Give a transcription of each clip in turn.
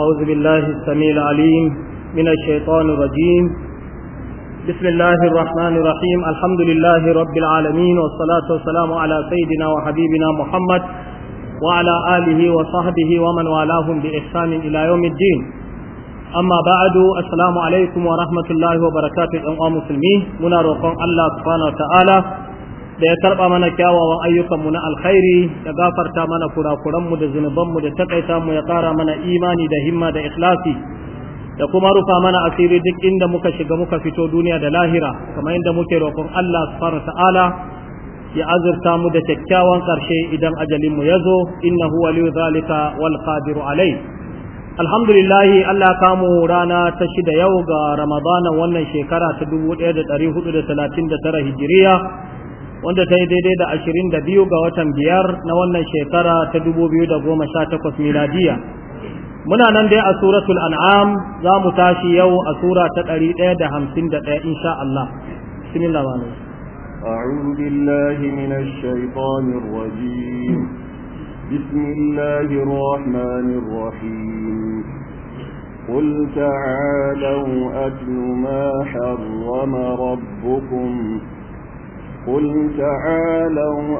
أعوذ بالله السميع العليم من الشيطان الرجيم بسم الله الرحمن الرحيم الحمد لله رب العالمين والصلاة والسلام على سيدنا وحبيبنا محمد وعلى آله وصحبه ومن والاهم بإحسان إلى يوم الدين أما بعد السلام عليكم ورحمة الله وبركاته أمام مسلمين منا الله سبحانه وتعالى da ya tarba mana kyawawan ayyukanmu na alkhairi da gafarta mana kurakuranmu da zunubanmu da takaita mu ya ƙara mana imani da himma da ikhlasi da kuma rufa mana asiri duk inda muka shiga muka fito duniya da lahira kamar inda muke roƙon Allah subhanahu ta'ala ya azurta mu da kyakkyawan ƙarshe idan ajalinmu ya zo innahu waliyu zalika wal qadiru alai alhamdulillah Allah kamo rana ta shida yau ga ramadana wannan shekara ta 1439 hijiriya wanda ta yi daidai da ashirin da biyu ga watan biyar na wannan shekara ta dubu biyu da goma sha takwas miladiya muna nan dai a suratul an'am za mu tashi yau a sura ta ɗari ɗaya da hamsin da ɗaya insha Allah bismillah malam أعوذ بالله من الشيطان الرجيم بسم الله الرحمن الرحيم قل تعالوا أتل ما حرم ربكم قل تعالوا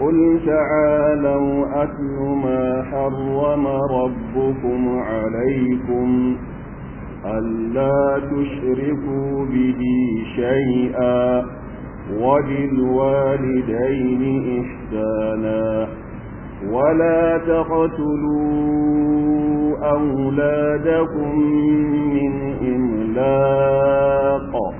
قل تعالوا أكل ما حرم ربكم عليكم ألا تشركوا به شيئا وبالوالدين إحسانا ولا تقتلوا أولادكم من إملاق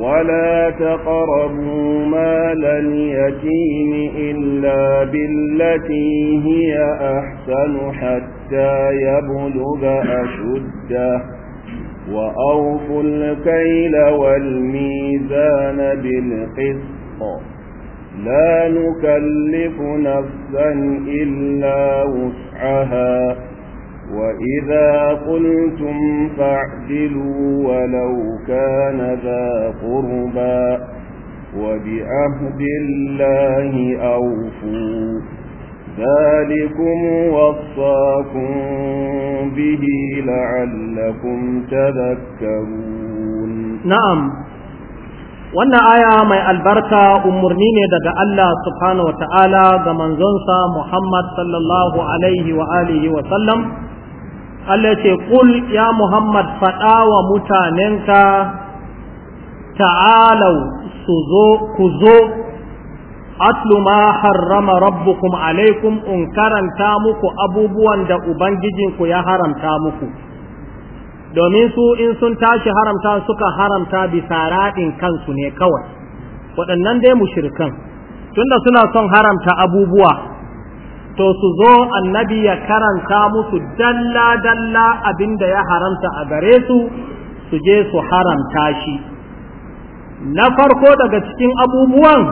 ولا تقربوا مال اليتيم إلا بالتي هي أحسن حتى يبلغ أشده وأوفوا الكيل والميزان بالقسط لا نكلف نفسا إلا وسعها وإذا قلتم فاعدلوا ولو كان ذا قربى وبعهد الله أوفوا ذلكم وصاكم به لعلكم تذكرون نعم wannan aya mai albarka umarni ne daga Allah subhanahu wa ta'ala ga manzonsa Muhammad sallallahu alaihi wa sallam Allah ce kul ya Muhammad faɗa wa mutanenka ta'alau su zo ku zo atlu ma harrama rabbukum alaikum in karanta muku abubuwan da ubangijinku ya haramta muku domin su in sun tashi haramta suka haramta bisa raɗin kansu ne kawai waɗannan dai mushrikan tunda suna son haramta abubuwa to su zo annabi ya karanta musu dalla dalla abinda ya haramta a gare su su je su haramta shi na farko daga cikin abubuwan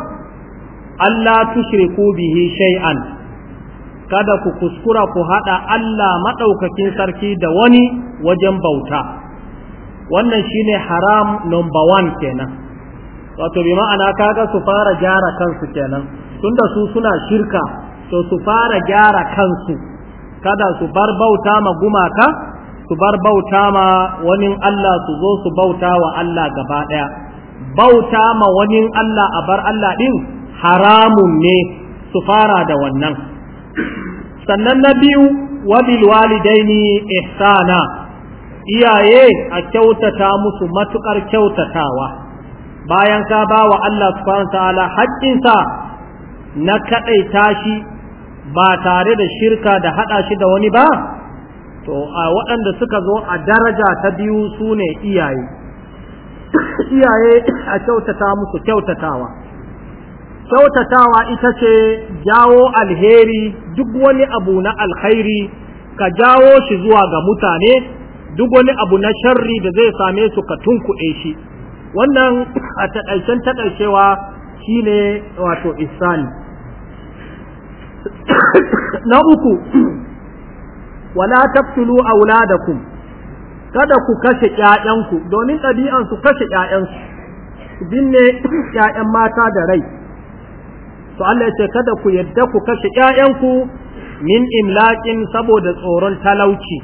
Allah tushriku bihi shay'an kada ku kuskura ku haɗa Allah madaukakin sarki da wani wajen bauta wannan shine haram number one kenan wato bi ma'ana kaga su fara jara kansu kenan tunda su suna shirka to su fara gyara kansu kada su bar bauta ma gumaka su bar bauta ma wani Allah su zo su bauta wa Allah gaba ɗaya bauta ma wani Allah a bar Allah ɗin haramun ne su fara da wannan sannan na biyu wabil walidaini ihsana iyaye a kyautata musu matukar kyautatawa bayan ka ba wa Allah subhanahu ta'ala haƙƙinsa na kaɗaita shi ba tare da shirka da hada shi da wani ba to a waɗanda suka zo a daraja ta biyu su ne iyaye iyaye a kyautata musu kyautatawa kyautatawa ita ce jawo alheri duk wani abu na alkhairi ka jawo shi zuwa ga mutane duk wani abu na sharri da zai same su ka tunkuɗe shi wannan a taɗaicen taɗaicewa shine wato isani na uku wala taqtulu auladakum kada ku kashe ƴaƴanku domin ɗabi'an su kashe ƴaƴansu su binne ƴaƴan mata da rai to Allah ya ce kada ku yadda ku kashe ƴaƴanku min imlaƙin saboda tsoron talauci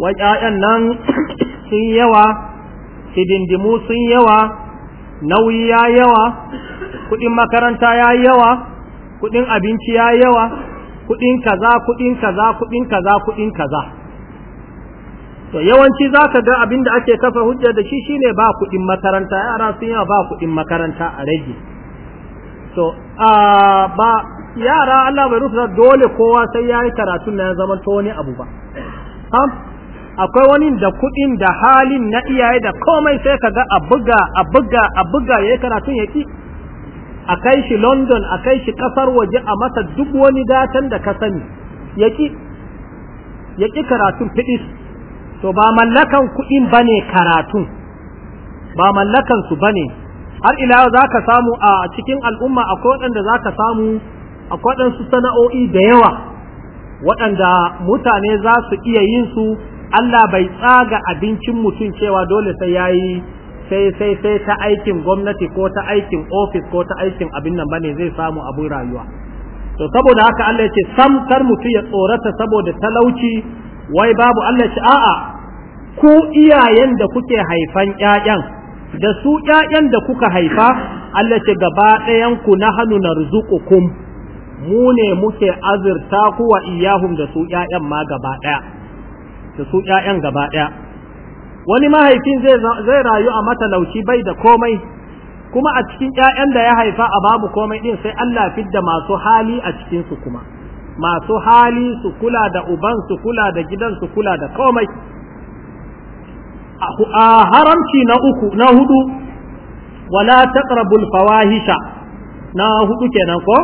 wa ƴaƴan nan sun yawa hidindimu sun yawa nauyi ya yawa kuɗin makaranta ya yawa kuɗin abinci ya yawa kuɗin kaza kuɗin kaza kuɗin kaza kuɗin kaza to yawanci zaka ga abin da ake kafa hujja da shi shine ba kuɗin makaranta yara sun yawa ba kuɗin makaranta a rage to a ba yara Allah bai rufa dole kowa sai ya yi karatun na ya zama to wani abu ba akwai wani da kuɗin da halin na iyaye da komai sai ka ga a buga a buga a buga ya karatun ya a kai shi london a kai shi kasar waje a masa duk wani datan da ka sani ya ƙi karatun fiɗis to ba mallakan kuɗin ba ne karatun ba mallakan su ba ne har ila za ka samu a cikin al'umma akwai waɗanda za ka samu akwai waɗansu sana'o'i da yawa waɗanda mutane za su iya yin su Allah bai tsaga abincin mutum cewa dole sai ya yi sai sai sai ta aikin gwamnati ko ta aikin ofis ko ta aikin abin nan bane zai samu abin rayuwa to saboda haka Allah ya ce sam kar mutum ya tsorata saboda talauci wai babu Allah ya ce a'a ku iyayen da kuke haifan ƴaƴan da su ƴaƴan da kuka haifa Allah ya ce gaba ɗayan ku nahnu narzuqukum mu ne muke azurta ku wa iyahum da su ƴaƴan ma gaba ɗaya su ƴaƴan gaba ɗaya wani mahaifin zai rayu a matalauci bai da komai kuma a cikin ƴaƴan da ya haifa a babu komai din sai Allah fidda masu hali a cikin su kuma masu hali su kula da uban su kula da gidan su kula da komai a haramci na uku na hudu wala taqrabul fawahisha na hudu kenan ko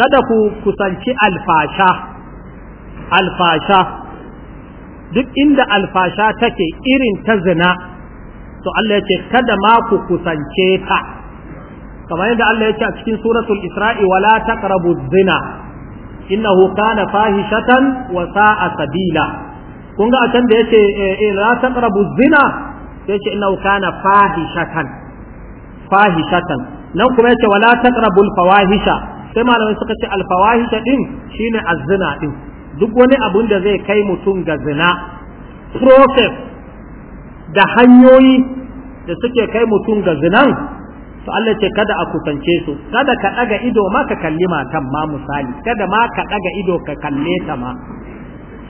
kada ku kusanci alfasha alfasha duk inda alfasha take irin ta zina to Allah ya ce kada ma ku kusance ta kamar yadda Allah ya ce a cikin suratul Isra'i wala taqrabu zina innahu kana fahishatan wa sa'a sabila kun ga can da yace eh, eh la taqrabu zina ce innahu kana fahishatan fahishatan nan kuma yace wala taqrabu al fawahisha sai malamai suka ce al fawahisha din shine az-zina din duk wani abun da zai kai mutum ga zina process da hanyoyi da suke kai mutum ga zinan to Allah ce kada a kusance su kada ka ɗaga ido ma ka kalli matan ma misali kada ma ka daga ido ka kalle ta ma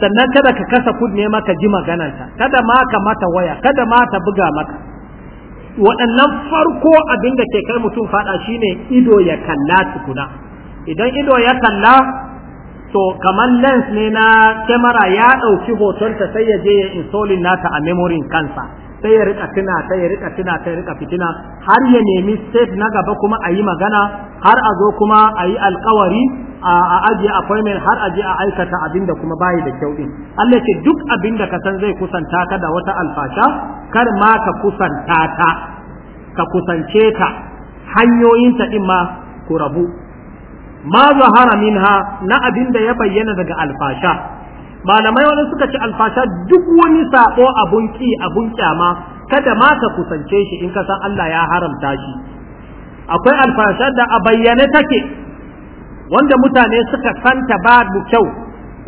sannan kada ka kasa kunne maka ji magananta kada ma ka mata waya kada ma ta buga maka waɗannan farko abin da ke kai mutum faɗa shine ido ya kalla tukuna idan ido ya kalla to kamar lens ne na kyamara ya ɗauki hotonta sai ya je ya insolin nata a memorin kansa sai ya rika tuna sai ya rika tuna sai ya rika fitina har ya nemi state na gaba kuma a yi magana har a zo kuma a yi alkawari a ajiye appointment har a je a aikata abin da kuma bayi da kyau din Allah ce duk abin da ka san zai kusanta ka da wata alfasha kar ma ka kusanta ta ka kusance ta hanyoyinta din ma ku rabu ma zahara minha na abin da ya bayyana daga alfasha malamai wani suka ci alfasha duk wani sako abun ki abun kyama kada ma ka kusance shi in ka san Allah ya haramta shi akwai alfasha da a bayyane take wanda mutane suka santa ba mu kyau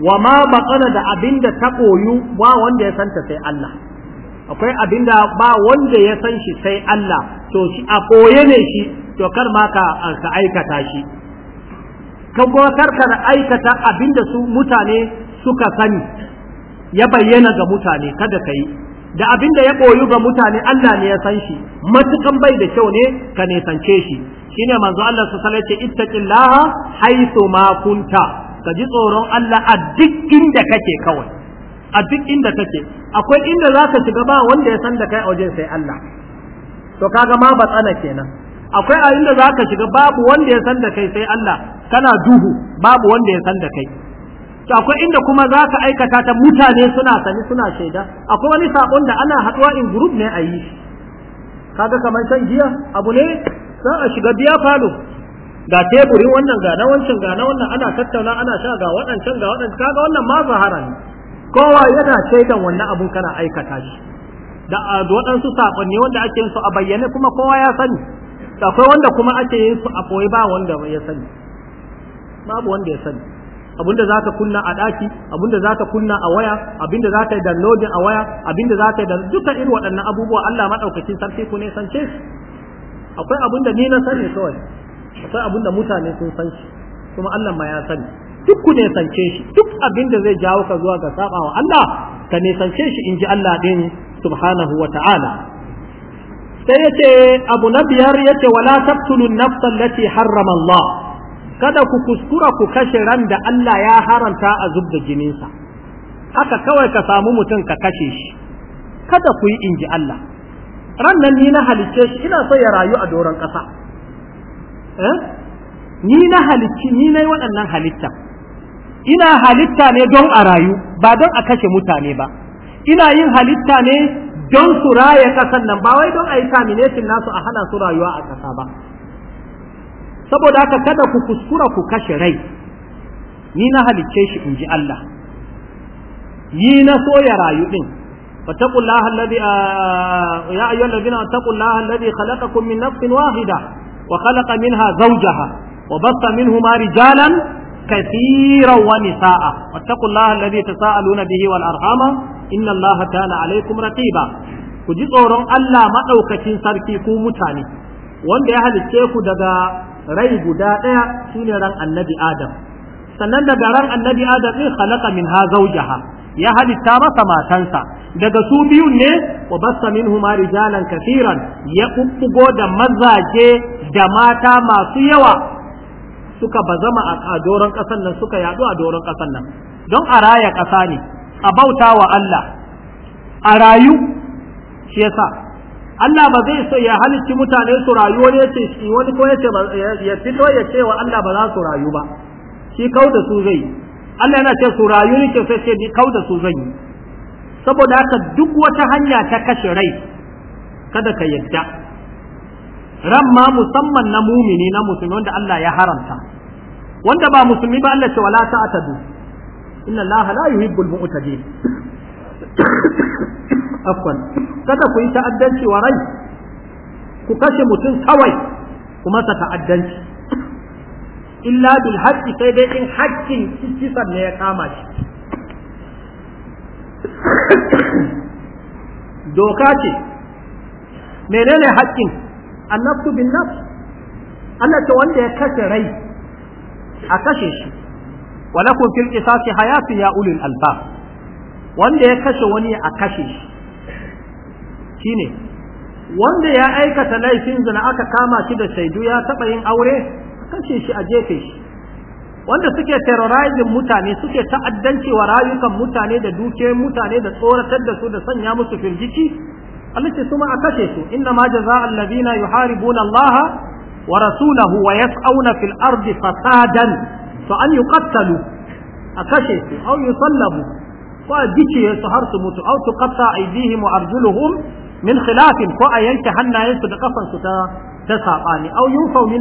wa ma batsana da abin da ta koyu ba wanda ya santa sai Allah akwai abin da ba wanda ya san shi sai Allah to shi a koye ne shi to kar ma ka aikata shi Ka kuma karkar aikata abinda su mutane suka sani ya bayyana ga mutane kada ka yi da abin da ya koyu ga mutane Allah ne ya san shi matukan bai da kyau ne ka nisance shi shine manzo Allah su sallace ittaqillaha haythu ma kunta ka ji tsoron Allah a duk inda kake kawai a duk inda kake akwai inda zaka shiga ba wanda ya san da kai a wajen sai Allah to kaga ma batsana kenan akwai a inda za ka shiga babu wanda ya san da kai sai Allah kana duhu babu wanda ya san da kai to akwai inda kuma za ka aikata ta mutane suna sani suna shaida akwai wani sabon da ana haɗuwa in group ne a yi kaga kamar san giya abu ne za a shiga biya falo ga teburin wannan ga na wancan ga na wannan ana tattauna ana sha ga waɗancan ga waɗancan kaga wannan ma zahara ne kowa yana shaidan wannan abun kana aikata shi da waɗansu saƙonni wanda ake yin su a bayyane kuma kowa ya sani akwai wanda kuma ake yin su a koyi ba wanda ya sani babu wanda ya sani abinda za ka kunna a ɗaki abinda za ka kunna a waya abinda za ka yi downloading a waya abinda za ka yi duka irin waɗannan abubuwa Allah maɗaukacin sarki ku ne sance su akwai abinda ni na sani kawai akwai abinda mutane sun san shi kuma Allah ma ya sani duk ku ne sance shi duk abinda zai jawo ka zuwa ga sabawa Allah ka ne sance shi in ji Allah ɗin subhanahu wa ta'ala sai ya ce abu na biyar ya ce wala taqtulun nafsan lati harrama Allah kada ku kuskura ku kashe ran da Allah ya haranta a zub da jininsa haka kawai ka samu mutum ka kashe shi kada ku yi inji Allah ran nan ni na halicce shi ina so ya rayu a doron ƙasa eh? ni na halicci ni nayi waɗannan halitta ina halitta ne don a rayu ba don a kashe mutane ba ina yin halitta ne don su raya ƙasan nan ba wai don a yi kaminetin nasu a hana su rayuwa a ƙasa ba saboda haka kada ku kuskura ku kashe rai ni na halicce shi in ji Allah yi na so ya rayu din واتقوا الله الذي آه يا أيها الذين اتقوا الله الذي خلقكم من نفس واحدة وخلق منها زوجها وبث منهما رجالا كثيرا ونساء واتقوا الله الذي تساءلون به والأرحام inna allaha kana alaikum raqiba ku ji tsoron Allah madaukakin sarki ku mutane wanda ya halicce ku daga rai guda daya shine ran annabi adam sannan daga ran annabi adam din khalaqa minha zawjaha ya halitta masa matansa daga su biyun ne wa basta minhuma rijalan kafiran ya kubbugo da mazaje da mata masu yawa suka bazama a doron ƙasar nan suka yadu a doron ƙasar nan don a raya ƙasa ne a bauta wa Allah a rayu shi yasa Allah ba zai so ya halicci mutane su rayu wani yace shi wani ko yace ya fito ya ce wa Allah ba za su rayu ba shi kau da su zai Allah yana ce su rayu ne ke sai ce ni kau da su zan yi saboda haka duk wata hanya ta kashe rai kada ka yadda ran ma musamman na mumini na musulmi wanda Allah ya haramta wanda ba musulmi ba Allah ce wala ta'tadu inna allaha la yuhibbul mu'tadin afwan kada ku yi ta'addanci wa rai ku kashe mutum kawai ku masa ta'addanci illa bil haqqi sai dai in haƙƙin kisan ne ya kama shi doka ce menene haƙƙin annabtu bin nafs Allah ce wanda ya kashe rai a kashe shi wa lakum fil qisasi hayatu ya ulul albab wanda ya kashe wani a kashe shi shine wanda ya aikata laifin zina aka kama shi da shaidu ya taba yin aure kashe shi a jefe shi wanda suke terrorizing mutane suke ta'addanci wa rayukan mutane da dukiyoyin mutane da tsoratar da su da sanya musu firgici Allah ce su ma a kashe su inna ma jaza'al ladina yuharibuna Allah wa rasulahu wa yas'auna fil ardi fasadan To an yuqattalu a kashe su aw yusallabu ko a gice har su mutu aw tuqatta aydihim wa arjuluhum min khilafin ko a yanke hannayensu da kafansu ta ta sabani aw yufaw min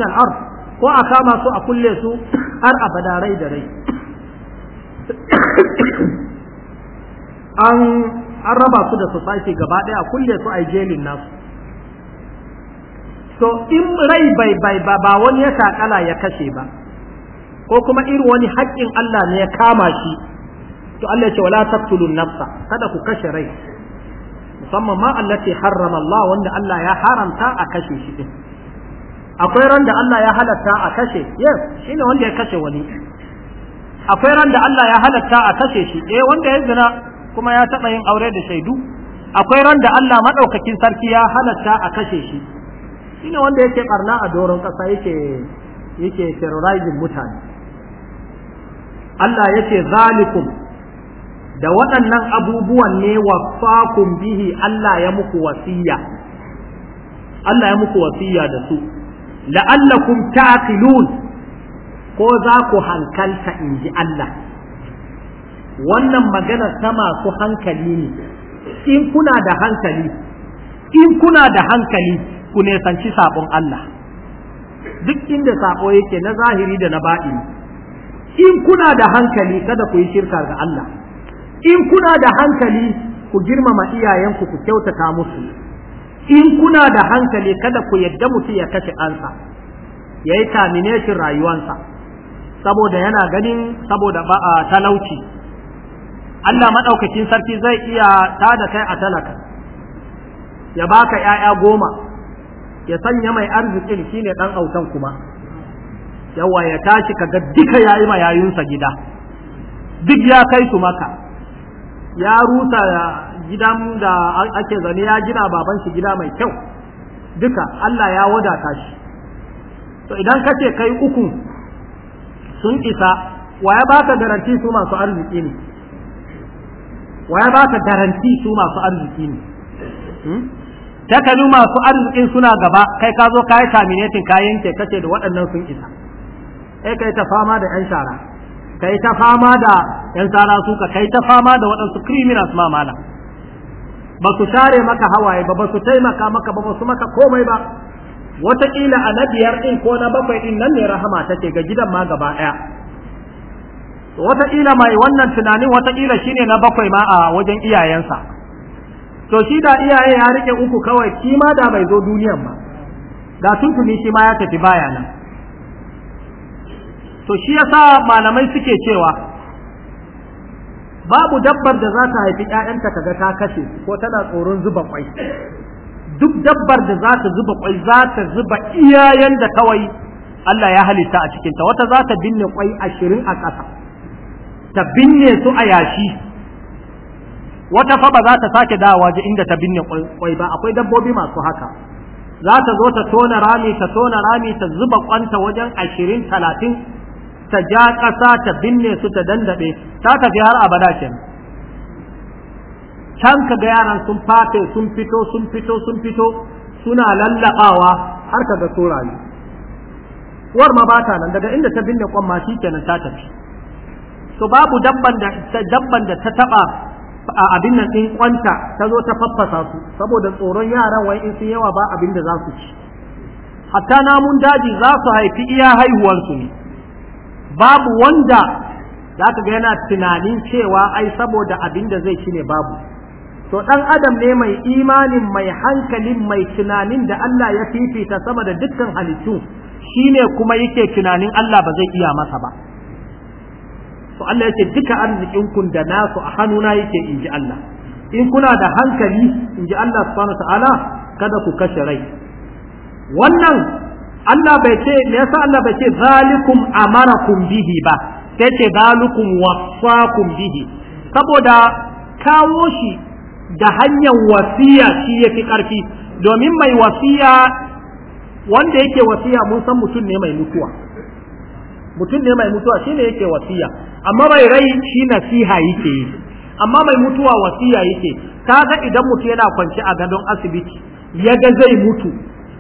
ko a kama su a kulle su har abada rai da rai an raba su da society gaba daya a kulle su a jelin nasu to in rai bai bai ba wani yasa sakala ya kashe ba ko kuma irin wani haƙƙin Allah ne ya kama shi to Allah ya ce wala taqtulun nafsa kada ku kashe rai musamman ma allati harrama Allah wanda Allah ya haramta a kashe shi din akwai ran da Allah ya halatta a kashe yes shine wanda ya kashe wani akwai ran da Allah ya halatta a kashe shi eh wanda ya zina kuma ya taɓa yin aure da shaidu akwai ran da Allah madaukakin sarki ya halatta a kashe shi shine wanda yake barna a doron ƙasa yake yake terrorizing mutane Allah ya ce zalikum da waɗannan abubuwan ne wasakum bihi Allah ya muku wasiya Allah ya muku wasiya da su la'allakum taqilun ko za ku hankalta in ji Allah wannan magana ta masu hankali ne in kuna da hankali in kuna da hankali ku nesanci sabon Allah duk inda sabo yake na zahiri da na ba'ini in kuna da hankali kada ku yi shirka ga Allah in kuna da hankali ku girmama iyayenku ku kyautata musu in kuna da hankali kada ku yadda musu ya kashe ansa ya yi terminating rayuwansa saboda yana ganin saboda ba a talauci Allah maɗaukakin sarki zai iya tada kai a talaka ya baka ‘ya'ya goma ya sanya mai arzikin shine ɗan autan kuma yawa ya tashi kaga duka ya yi yayunsa gida duk ya kai su maka ya rusa gidan da ake zane ya gina baban shi gida mai kyau duka Allah ya wadata shi to idan ka ce kai uku sun isa wa ya ka garanti su masu arziki ne wa ya ka garanti su masu arziki ne hmm? ta masu arzikin suna gaba kai ka zo ka yi terminating ka yanke kace da waɗannan sun isa sai kai ta fama da yan shara kai ta fama da yan su ka kai ta fama da waɗansu criminals ma mala ba su share maka hawaye ba ba su taimaka maka ba ba su maka komai ba wataƙila a na biyar ɗin ko na bakwai ɗin nan ne rahama take ga gidan ma gaba ɗaya wataƙila mai wannan tunanin wataƙila shine na bakwai ma a wajen iyayensa to shi da iyaye ya rike uku kawai shi da bai zo duniyan ba Ga tuntuni shi ma ya tafi bayanan. to shi yasa malamai suke cewa babu dabbar da za ta haifi ƴaƴanta kaga ta kashe ko tana tsoron zuba kwai duk dabbar da za ta zuba kwai za ta zuba iyayen da kawai Allah ya halitta a cikinta wata za ta binne kwai ashirin a ƙasa ta binne su a yashi wata fa ba za ta sake dawowa ji inda ta binne kwai ba akwai dabbobi masu haka za ta zo ta tona rami ta tona rami ta zuba kwanta wajen ashirin talatin ta ja ƙasa ta binne su ta dandaɓe ta tafi har abada ke can ka ga yaran sun fata sun fito sun fito sun fito suna lallaɓawa har ka ga turaye uwar ma ba ta nan daga inda ta binne kwan ma kenan ta tafi to babu dabban da dabban da ta taba a abin nan din kwanta ta zo ta faffasa su saboda tsoron yaran wai in sun yawa ba abin da za su ci hatta namun daji za su haifi iya haihuwar su ne babu wanda za ka ga yana tunanin cewa ai saboda abin da zai ci ne babu to dan adam ne mai imanin mai hankalin mai tunanin da Allah ya fifita sama da dukkan halittu shine kuma yake tunanin Allah ba zai iya masa ba to Allah yake duka arzikin da nasu a hannuna yake inji Allah in kuna da hankali inji Allah subhanahu wa ta'ala kada ku kashe rai wannan Allah bai ce me yasa Allah bai ce zalikum amarakum bihi ba sai ce zalikum wasakum bihi saboda kawo shi da hanyar wasiya shi yafi karfi domin mai wasiya wanda yake wasiya mun san mutum ne mai mutuwa mutum ne mai mutuwa shine yake wasiya amma mai rai shi nasiha yake yi amma mai mutuwa wasiya yake kaga idan mutum yana kwance a gadon asibiti ya ga zai mutu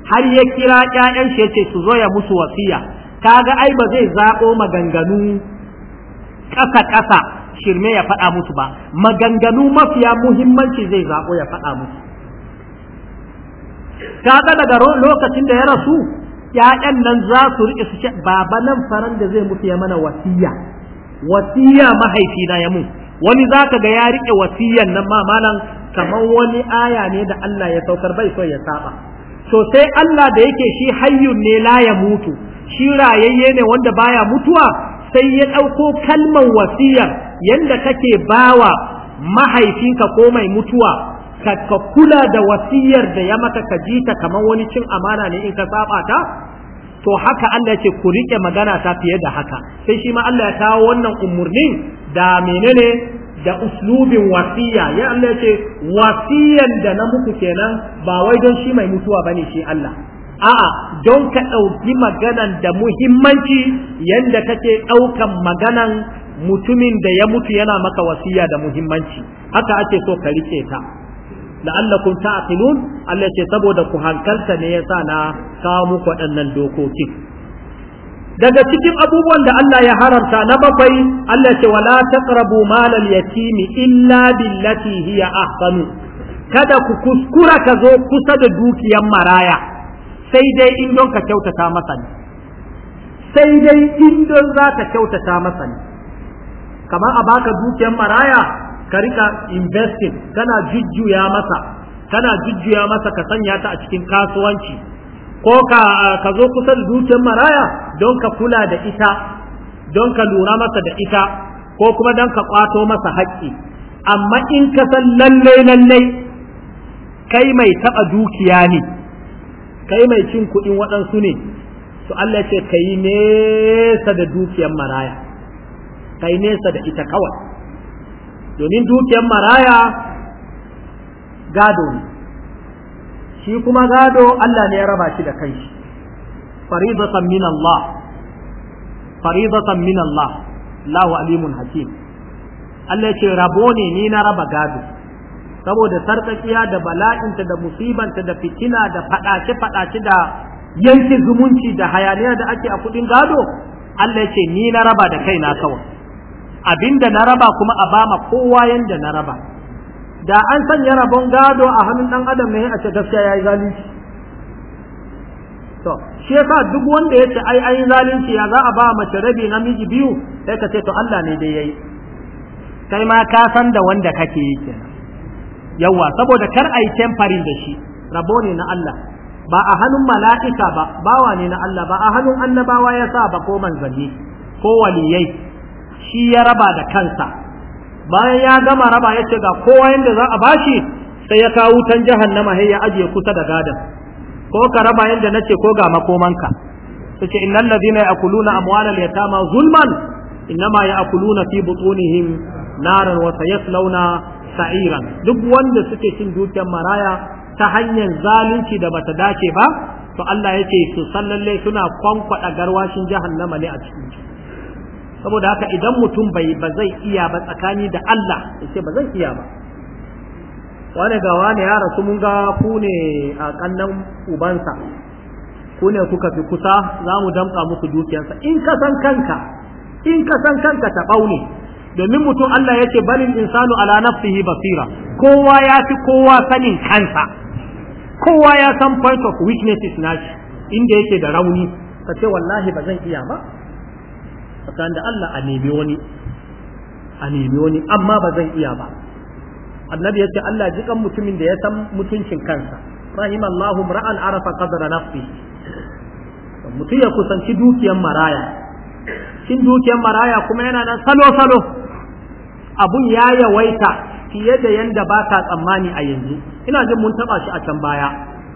har ya kira ƴaƴan shi yace su zo ya musu wasiya kaga ai ba zai zabo maganganu ƙasa ƙasa shirme ya faɗa musu ba maganganu mafiya muhimmanci zai zabo ya faɗa musu kaga daga lokacin da ya rasu ƴaƴan nan za su riƙe su ce baba nan faran da zai mutu ya mana wasiya wasiya mahaifina ya mun wani zaka ga ya riƙe wasiyan nan ma malam kamar wani aya ne da Allah ya saukar bai so ya saba to sai Allah da yake shi hayyun ne la ya mutu shi rayayye ne wanda baya mutuwa sai ya ɗauko kalmar wasiyar yanda kake bawa mahaifinka ko mai mutuwa ka kula da wasiyar da ya maka ka ji ta kamar wani cin amana ne in ka saba ta to haka Allah ce ku riƙe magana ta fiye da haka sai shi ma Allah ya kawo wannan umurnin da menene da uslubin wasiya ya Allah ce wasiyan da na muku kenan ba wai don shi mai mutuwa bane shi Allah a'a don ka ɗauki maganan da muhimmanci yadda kake ɗaukan maganan mutumin da ya mutu yana maka wasiya da muhimmanci haka ake so ka rike ta la'allakum ta'qilun Allah ce saboda ku hankalta ne yasa na kawo muku waɗannan dokokin daga cikin abubuwan da Allah ya haramta na bakwai Allah ce wala taqrabu malal yatimi illa billati hiya ahsanu kada ku kuskura ka zo kusa da dukiyan maraya sai dai in don ka kyautata masa ne sai dai in don za ka kyautata masa ne kamar a baka dukiyan maraya ka rika investing kana jujjuya masa kana jujjuya masa ka sanya ta a cikin kasuwanci ko ka zo kusa da dukiyar maraya don ka kula da ita don ka lura masa da ita ko kuma don ka kwato masa haƙƙi amma in ka san lallai lallai kai mai taɓa dukiya ne kai mai cin kuɗin waɗansu ne to Allah ce ka yi nesa da dukiyar maraya ka yi nesa da ita kawai domin dukiyar maraya gado ne shi kuma gado Allah ne ya raba shi da kanshi faridatan min Allah faridatan min Allah Allahu alimun hakim Allah ce rabo ne ni na raba gado saboda sarkakiya da bala'inta da musibanta da fitina da fadace fadace da yanke zumunci da hayaniya da ake a kudin gado Allah ce ni na raba da kaina kawai abinda na raba kuma a bama kowa yanda na raba da an sanya rabon gado a hannun dan adam ne a ce gaskiya yayi zalunci to shi yasa duk wanda yace ai ai zalunci ya za a ba mace rabi na miji biyu sai ka ce to Allah ne dai yayi kai ma ka san da wanda kake yi kenan yawa saboda kar ai temporary da shi rabo ne na Allah ba a hannun mala'ika ba bawa ne na Allah ba a hannun annabawa ya sa ba ko manzanni ko waliyai shi ya raba da kansa bayan ya gama raba ya ce ga kowa yadda za a bashi sai ya kawo wutan jahannama sai ya ajiye kusa da gadan ko ka raba yadda na ce ko ga makomanka su ce innal ladina ya'kuluna ya yatama zulman innama na fi butunihim naran ya launa sa'iran duk wanda suke cin dukiyar maraya ta hanyar zalunci da bata dace ba to Allah yake su sallalle suna kwankwada garwashin jahannama ne a cikin saboda haka idan mutum bai ba zai iya ba tsakani da Allah sai ce ba zan iya ba wane ga wane ya rasu mun ga ku ne a kannan ubansa ku ne kuka fi kusa za mu damka muku dukiyarsa in ka san kanka in ka san kanka ta bauni domin mutum Allah yake ce balin insanu ala nafsihi basira kowa ya fi kowa sanin kansa kowa ya san point of weakness nashi inda yake da rauni ka ce wallahi ba zan iya ba tsakanin da Allah a nemi wani a nemi wani amma ba zan iya ba annabi ya ce Allah jikan mutumin da ya san mutuncin kansa rahimallahu ra'an arafa qadra nafsi mutum ya kusanci dukiyar maraya cin dukiyar maraya kuma yana nan salo salo abun ya yawaita fiye da yanda ba ka tsammani a yanzu ina jin mun taba shi a can baya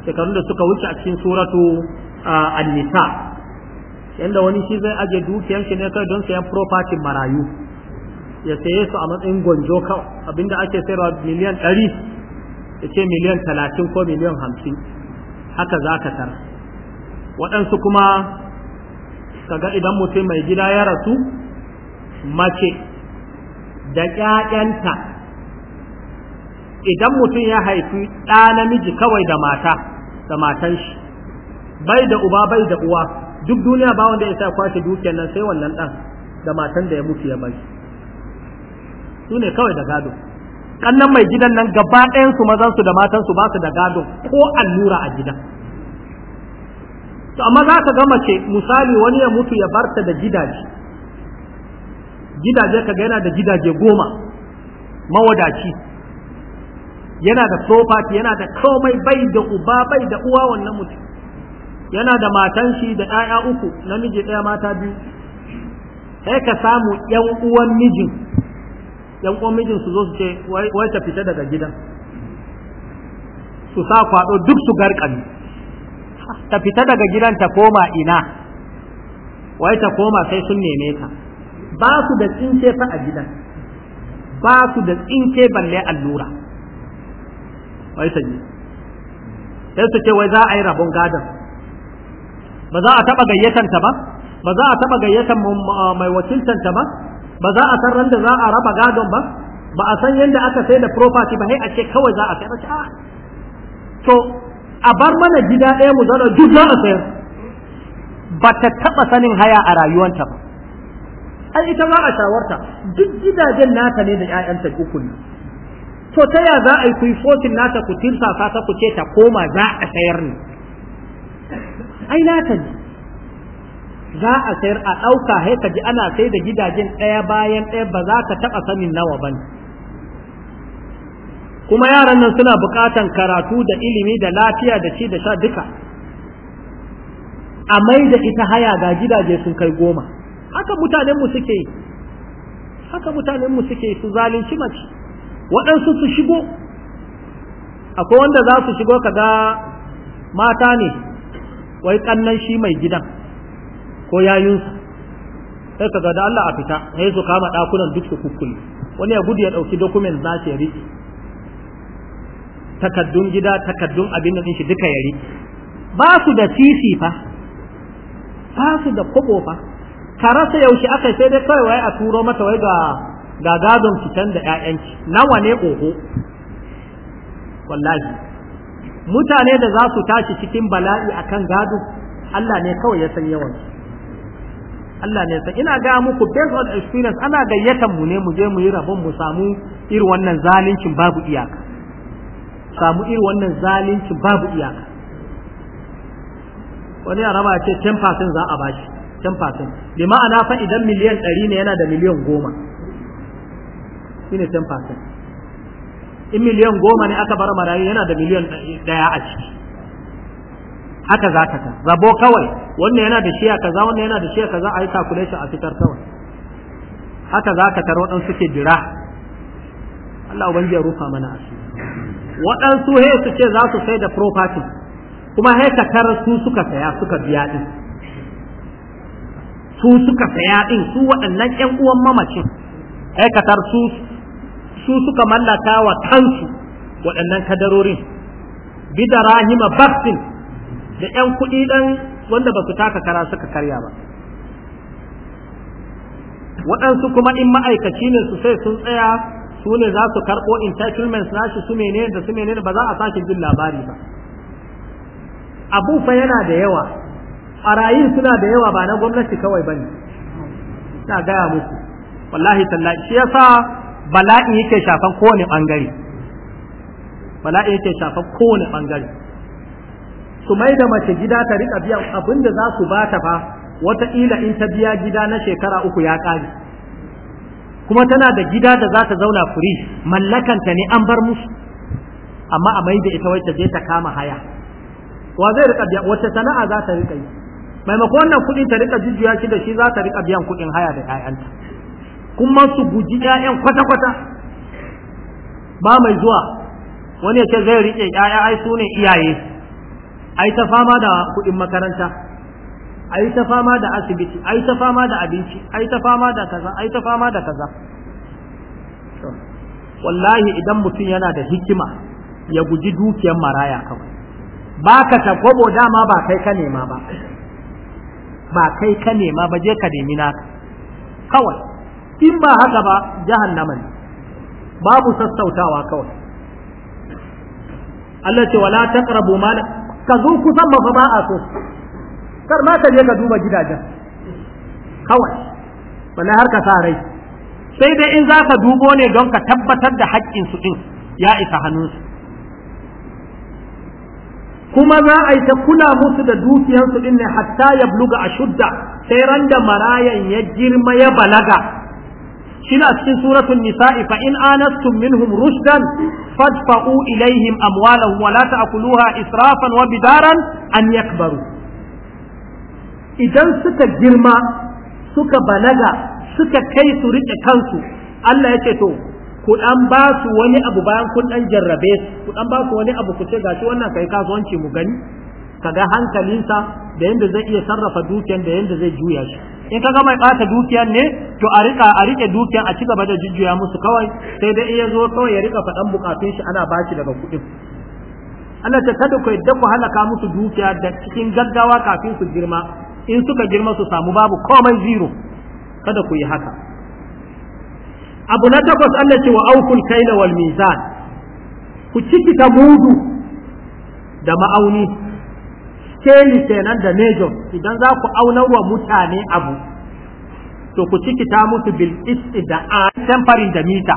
shekarun da suka wuce a cikin suratu ah, an-nisa yanda wani shi zai aje dukiyar shi ne kai don sayan property marayu ya saye su a matsayin gwanjo kawai abinda ake sayarwa miliyan ɗari ya ce miliyan talatin ko miliyan hamsin haka za ka tara waɗansu kuma kaga idan mutum mai gida ya rasu mace da ƴaƴanta idan mutum ya haifi ɗa namiji kawai da mata da matan bai da uba bai da uwa duk duniya ba wanda ya sa kwashe dukiyar nan sai wannan ɗan, da matan da ya mutu ya bari su ne kawai da gado Ƙannan mai gidan nan gaba ɗayansu mazansu mazan su da matan ba su da gado ko allura a gidan to amma za ka ga mace misali wani ya mutu ya barta da gidaje gidaje kaga yana da gidaje goma mawadaci yana da property yana da komai bai da uba bai da uwa wannan mutum yana da matan shi da ƴaƴa uku namiji ɗaya mata biyu sai ka samu ƴan uwan mijin ƴan uwan mijin su zo su ce wai ta fita daga gidan su sa kwado duk su garkami ta fita daga gidan ta koma ina wai ta koma sai sun neme ta ba su da tsince fa a gidan ba su da tsince balle allura wai ta ji sai su ce wai za a yi rabon gadon ba za a taɓa gayyatanta ba ba za a taɓa gayyatan mai wakiltanta ba ba za a san randa za a raba gadon ba ba a san yadda aka sai da property ba sai a ce kawai za a sayar a ah. to a bar mana gida ɗaya mu zana duk za a sayar ba ta taɓa sanin haya a rayuwanta ba ai ita za a shawarta duk gidajen nata ne da ƴaƴanta uku ne to ta ya za a yi kuyi fotin nata ku tirsa ta ku ce ta koma za a sayar ni? ai na ta ji za a sayar a ɗauka sai ka ji ana sai da gidajen ɗaya bayan ɗaya ba za ka taɓa sanin nawa ba ne kuma yaran nan suna buƙatan karatu da ilimi da lafiya da ci da sha duka a mai da ita haya ga gidaje sun kai goma haka mutanenmu suke yi haka mutanenmu suke su zalunci mace waɗansu su shigo akwai wanda za su shigo kaga mata ne wai kannan shi mai gidan ko yayinsa sai ka da Allah a fita sai su kama ɗakunan duk su kukkule wani ya gudu ya ɗauki dokumen za su ya takaddun gida takaddun abin da shi duka ya ba su da sisi fa ba su da kobo fa ka rasa yaushe aka sai dai kawai wai a turo mata wai ga ga gadon fitan da ƴaƴanki nawa ne oho wallahi mutane da za su tashi cikin bala'i a kan gado Allah ne kawai ya san yawan Allah ne san ina ga muku based on experience ana gayyatan mu ne mu je mu yi rabon mu samu irin wannan zalincin babu iyaka samu irin wannan zalincin babu iyaka wani ya raba ce 10% za a bashi 10% bi ma'ana fa idan miliyan 100 ne yana da miliyan 10 shine 10% in miliyan goma ne aka bar marayu yana da miliyan ɗaya a ciki haka za ka ta zabo kawai wannan yana da shiya kaza wannan yana da shiya kaza a yi calculation a fitar kawai haka za ka tara waɗansu ke jira Allah ubangiji ya rufa mana asu waɗansu he su ce za su sai da property kuma he ka tara su suka saya suka biya din su suka saya din su waɗannan ƴan uwan mamacin he ka tar su su suka mallaka wa kansu waɗannan kadarorin bida rahima baksin da 'yan kuɗi ɗan wanda ba su taka kara suka karya ba waɗansu kuma in ma'aikaci ne su sai sun tsaya su ne za su karɓo entitlements nashi su mene da su menene ba za a sake jin labari ba abu fa yana da yawa ɓarayin suna da yawa ba na gwamnati kawai ba ne ina gaya muku wallahi tallahi shi yasa bala'i yake shafan kowane bangare bala'i yake shafan kowane bangare su mai da mace gida ta rika biyan abin da za su bata fa ila in ta biya gida na shekara uku ya kare. kuma tana da gida da za ta zauna furi mallakanta ne an bar musu amma a mai da ita wai ta je ta kama haya wa zai rika biya wace sana'a za ta rika yi maimakon wannan kuɗin ta rika jujjuya shi da shi za ta rika biyan kuɗin haya da 'ya'yanta kuma su guji 'ya'yan kwata-kwata ba mai zuwa wani ya ce zai riƙe 'ya'ya ai su ne iyaye ai ta fama da kuɗin makaranta ai ta fama da asibiti ai ta fama da abinci ai ta fama da kaza ai ta fama da kaza wallahi idan mutum yana da hikima ya guji dukiyar maraya kawai ba ka ta kwabo dama ba kai ka nema ba ba kai ka nema ba je ka nemi naka kawai in ba haka ba jahannama ne babu sassautawa kawai Allah ce wala taqrabu mal ka zo kusan ba fa ba a so kar ma ta je ka duba gidajen kawai wala har ka sa rai sai dai in za ka dubo ne don ka tabbatar da haƙƙin su din ya isa hannunsu kuma za a yi ta kula musu da dukiyansu din ne hatta ya bluga a shudda sai ran da marayan ya girma ya balaga shine a cikin suratul nisa'i fa in anastum minhum rushdan fatfa'u ilaihim amwalahum wa la ta'kuluha israfan wa bidaran idan suka girma suka balaga suka kai su rike kansu Allah yake to ku dan ba su wani abu bayan kun dan jarrabe su ku dan ba su wani abu ku ce gashi wannan kai kasuwanci mu gani kaga hankalinsa da yanda zai iya sarrafa dukiyan da yanda zai juya shi in kaga mai bata dukiyan ne to a rika a rike dukiyar a ci gaba da jujjuya musu kawai sai dai iya zo kawai ya rika faɗan bukatun shi ana bashi daga kuɗin Allah ta kada ku yadda ku halaka musu dukiya da cikin gaggawa kafin su girma in suka girma su samu babu komai zero kada ku yi haka abu na takwas Allah ce wa aukul kaila wal mizan ku cikita mudu da ma'auni keli kenan da major idan za ku aunar wa mutane abu to ku cikita mutu bil isti da a tamfarin da mita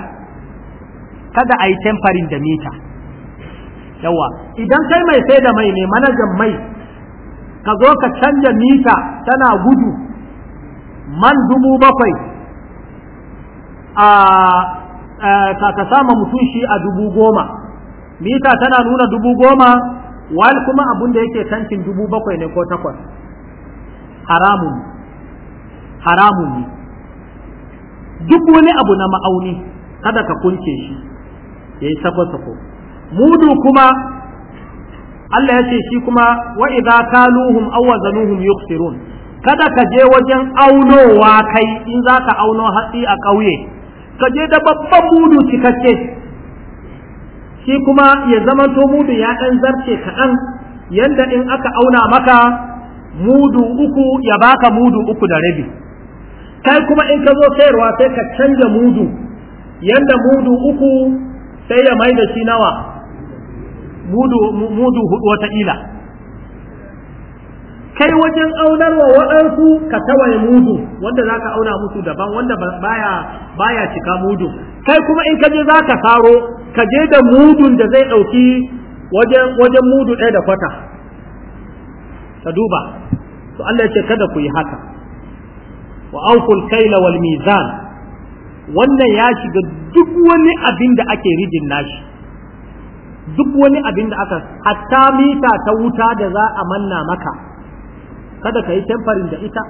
kada a yi tamfarin da mita yawa idan kai mai sai da mai ne manajan mai ka zo ka canja mita tana gudu man dubu bakwai a eh, ka sama mutunci a dubu goma mita tana nuna dubu goma wal kuma abun da yake tankin dubu bakwai ne ko takwas haramun haramun ne duk wani abu na ma'auni kada ka kunce shi ya yi sako mudu kuma Allah ya ce shi kuma wa idza kaluhum aw wazanuhum yukhsirun kada ka je wajen aunowa kai in za ka auno hatsi a ƙauye ka je da babban mudu cikakke shi kuma ya zama to mudu ya ɗan zarce kaɗan yadda in aka auna maka mudu uku ya baka mudu uku da rabi kai kuma in ka zo sayarwa sai ka canja mudu yadda mudu uku sai ya mai da shi nawa mudu mudu hudu wataƙila kai wajen wa waɗansu ka tawaye mudu wanda za ka auna musu daban wanda baya baya cika mudu kai kuma in ka je ka saro ka je da mudun da zai ɗauki wajen wajen mudu ɗaya da kwata ka duba to Allah ya ce kada ku yi haka wa awful kaila wal mizan wannan ya shiga duk wani abin da ake rijin nashi duk wani abin da aka hatta mita ta wuta da za a manna maka kada ka yi temfarin da ita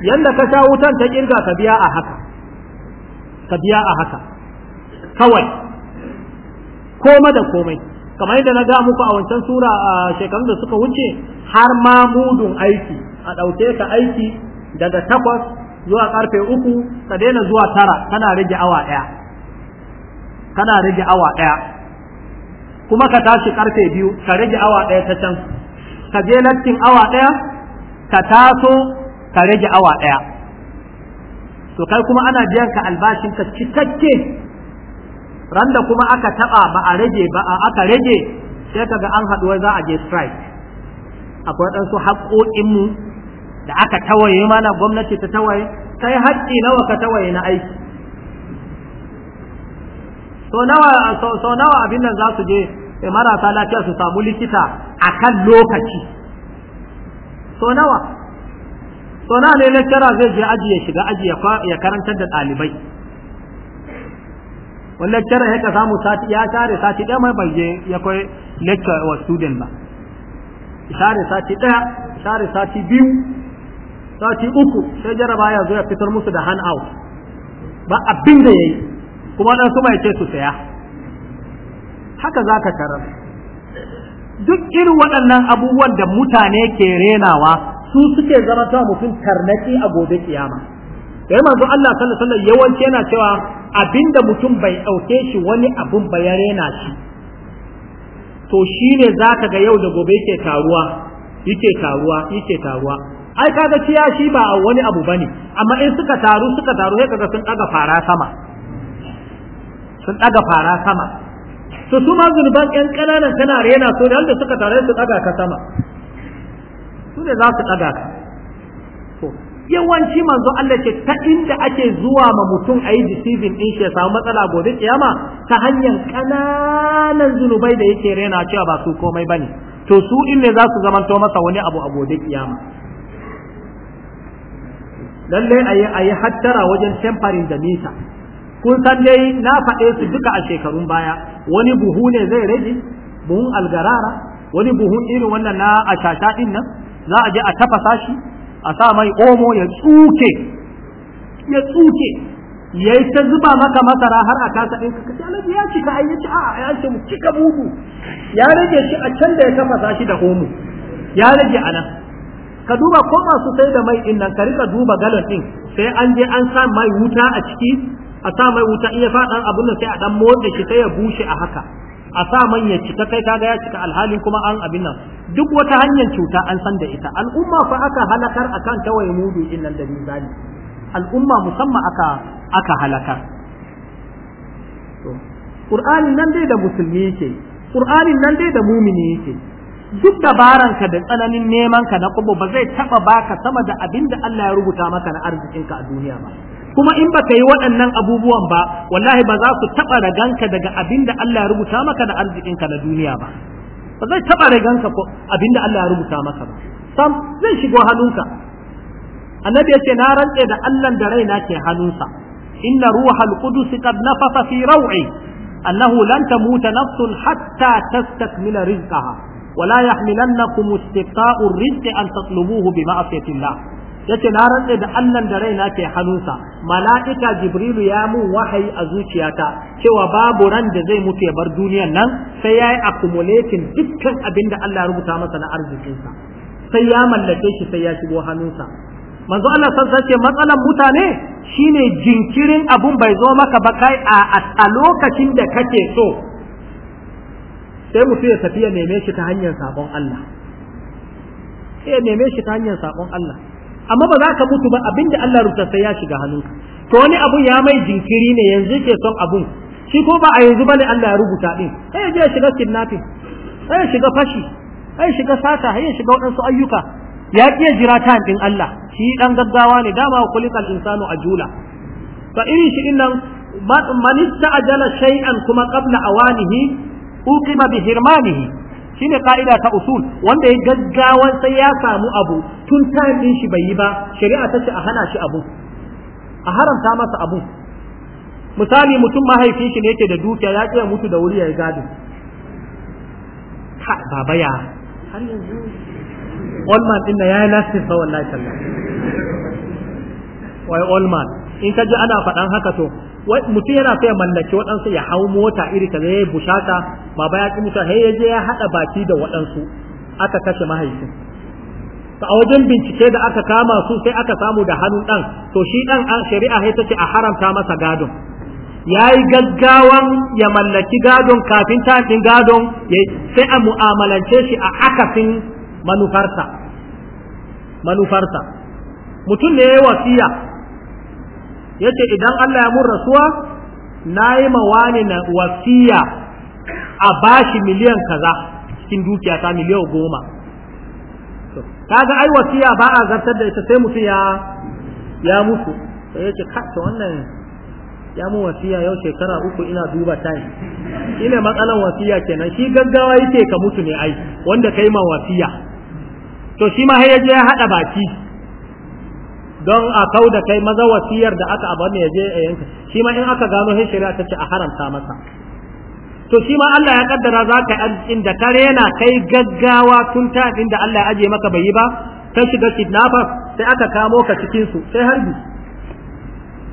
Yadda ka sha wutan ta kirga ka biya a haka ka biya a haka kawai koma da komai kamar yadda na ga muku a wancan sura a shekarun da suka wuce har ma mudun aiki a ɗauke ka aiki daga takwas zuwa karfe uku ka daina zuwa tara kana rage awa ɗaya kana rage awa ɗaya kuma ka tashi karfe biyu ka rage awa ɗaya ta can ka je lattin awa ɗaya ka taso ka rage awa ɗaya to kai kuma ana biyan ka albashin ka cikakke randa kuma aka taɓa ba a rage ba a aka rage sai kaga an haɗuwar za a je strike akwai ɗansu haƙoƙinmu da aka tawaye mana gwamnati ta tawaye kai haƙƙi nawa ka tawaye na aiki so nawa abin nan za su je Eh, marasa lafiya su samu likita a kan lokaci so nawa so na ne lecturer zai je aji ya shiga aji ya karantar da ɗalibai wani lecturer ya ka samu sati ya share sati ɗaya mai bai je ya kai lecture wa student ba share sati ɗaya share sati biyu sati uku sai jaraba ya zo ya fitar musu da hand out ba abin da ya yi kuma ɗansu mai ce su saya haka za ka karar duk irin waɗannan abubuwan da mutane ke renawa su suke zama ta mutum tarnaki a gobe kiyama sai manzo Allah sallallahu alaihi yawanci yana cewa abinda mutum bai ɗauke shi wani abun ba ya rena shi to shine zaka ga yau da gobe yake taruwa yake taruwa yake taruwa ai kaga ciya shi ba wani abu bane amma in suka taru suka taru sai kaga sun daga fara sama sun daga fara sama su su ma zunuban ƴan ƙananan kana rena so da da suka tare su ɗaga ka sama su ne za su ɗaga ka to yawanci manzo Allah ce ta inda ake zuwa ma mutum a yi deceiving ɗin shi ya samu matsala gobe kiyama ta hanyar ƙananan zunubai da yake rena cewa ba su komai ba ne to su in ne za su zamanto masa wani abu a gobe kiyama lalle a yi hattara wajen temporary da nisa kun san dai na faɗe su duka a shekarun baya wani buhu ne zai rage buhun algarara wani buhun irin wannan na a shasha din nan za a je a tafasa shi a sa mai omo ya tsuke ya tsuke ya yi ta zuba maka masara har a kasa ɗin ka kace ya cika ai yace a'a ya ce mu cika buhu ya rage shi a can da ya tafasa shi da omo ya rage a nan ka duba ko masu sai da mai din nan ka rika duba galon din sai an je an sa mai wuta a ciki a sa mai wuta iya sa dan abun na sai a dan motsa shi sai ya bushe a haka a sa man ya cika kai kaga ya cika alhali kuma an abin nan duk wata hanyar cuta an san da ita al'umma fa aka halakar akan tawaye mudu din nan da mizani al'umma musamman aka aka halakar Qur'anin nan dai da musulmi yake Qur'anin nan dai da mumini yake duk dabaranka da tsananin neman ka na kubo ba zai taba baka sama da abin da Allah ya rubuta maka na arzikinka a duniya ba kuma in baka yi waɗannan abubuwan ba wallahi ba za su taɓa raganka daga abin da Allah ya rubuta maka da arzikinka na duniya ba ba zai taɓa raganka ko abin da Allah ya rubuta maka ba sam zai shigo hannunka annabi yace na rantse da Allah da raina ke hannunsa inna ruhal qudus qad nafafa fi raw'i annahu lan tamuta nafsun hatta tastakmila rizqaha ولا يحملنكم استبقاء الرزق أن تطلبوه بمعصية الله yace na rantse da Allah da raina ke hannunsa mala'ika jibrilu ya mun wahayi a zuciyata cewa babu ran da zai mutu ya bar duniyan nan sai yayi accumulating dukkan abin da Allah ya rubuta masa na arzikinsa sai ya mallake shi sai ya shigo hannunsa manzo Allah san ce matsalan mutane shine jinkirin abun bai zo maka ba kai a lokacin da kake so sai mutum ya tafi neme shi ta hanyar sabon Allah sai ya neme shi ta hanyar sabon Allah amma ba za ka mutu ba abinda Allah rubuta ya shiga hannu to wani abun ya mai jinkiri ne yanzu ke son abun shi ko ba a yanzu bane Allah ya rubuta din sai ya shiga kidnapping sai ya shiga fashi sai ya shiga sata sai ya shiga waɗansu ayyuka ya iya jira ta din Allah shi dan gaggawa ne dama kulikal insanu ajula fa irin shi din nan man ista'jala shay'an kuma qabla awanihi uqiba bi hirmanihi shine ka'ida ta usul wanda ya gaggawan sai ya samu abu tun tayin shi bai yi ba shari'a ta ce a hana shi abu a haramta masa abu misali mutum mahaifin shi ne yake da dukiya ya ce mutu da wuri ya gado ha baba ya har yanzu olman din ya yi lastin sallallahu alaihi wasallam wai olman in ka ji ana faɗan haka to mutum yana sai mallaki waɗansu ya hau mota iri kaza ya bushata baba ya ki mutum ya je ya haɗa baki da waɗansu aka kashe mahaifin ta a wajen bincike da aka kama su sai aka samu da hannun ɗan to shi ɗan shari'a ya ta ce a haramta masa gadon ya yi gaggawan ya mallaki gadon kafin tafin gadon sai a mu'amalance shi a akasin manufarsa manufarsa mutum ne ya yi wasiya yace idan Allah ya mun rasuwa nayi mawani na wasiya a bashi miliyan kaza cikin dukiya ta miliyan goma kaga ai wasiya ba a zartar da ita sai mutum ya ya mutu sai yace ka to wannan ya mu wasiya yau shekara uku ina duba tai ina matsalan wasiya kenan shi gaggawa yake ka mutu ne ai wanda kai ma wasiya to shi ma har yaje ya hada baki don a kau da kai maza wasiyar da aka abu ne je a yanka shi ma in aka gano hin shari'a ta ce a haramta masa to shi ma Allah ya kaddara za ka inda ka rena kai gaggawa tun ta inda Allah ya aje maka bai yi ba ka shiga kidnapper sai aka kamo ka cikin su sai harbi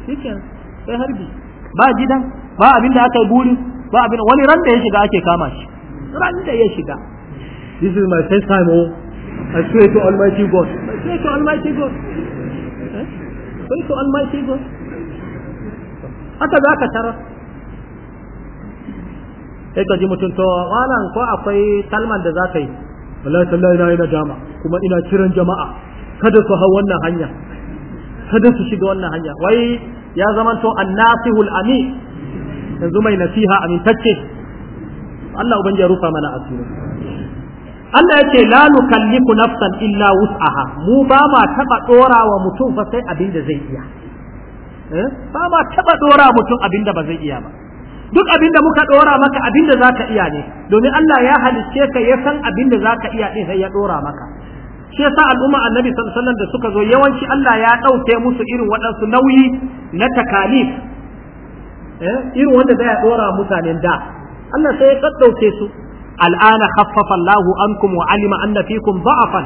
shikenan sai harbi ba gidan ba abin da aka buri ba abin wani ran da ya shiga ake kama shi ran da ya shiga this is my first time oh I swear to Almighty God I swear to Almighty God going to Almighty God. Haka za ka tara. Sai ka ji mutum to malam ko akwai kalman da za ka yi. Wallahi tallahi na yi najama kuma ina kiran jama'a kada su hau wannan hanya. Kada su shiga wannan hanya. Wai ya zamanto annasihul amin. Yanzu mai nasiha amintacce. Allah ubangiji ya rufa mana asiri. Allah ya ce la nukallifu nafsan illa wus'aha mu ba ma taba dora wa mutum fa sai abin da zai iya eh? ba ma taba dora mutum abin da ba zai iya ba duk abin da muka dora maka abin da zaka iya ne domin Allah ya halicce ka ya san abin da zaka iya ne sai ya dora maka shi yasa al'umma annabi sallallahu alaihi da suka zo yawanci Allah ya dauke musu irin waɗansu nauyi na takalif eh? irin wanda zai dora mutanen da Allah sai ya kaddauke su al'ana khaffafa Allahu ankum wa alima anna fikum dha'afan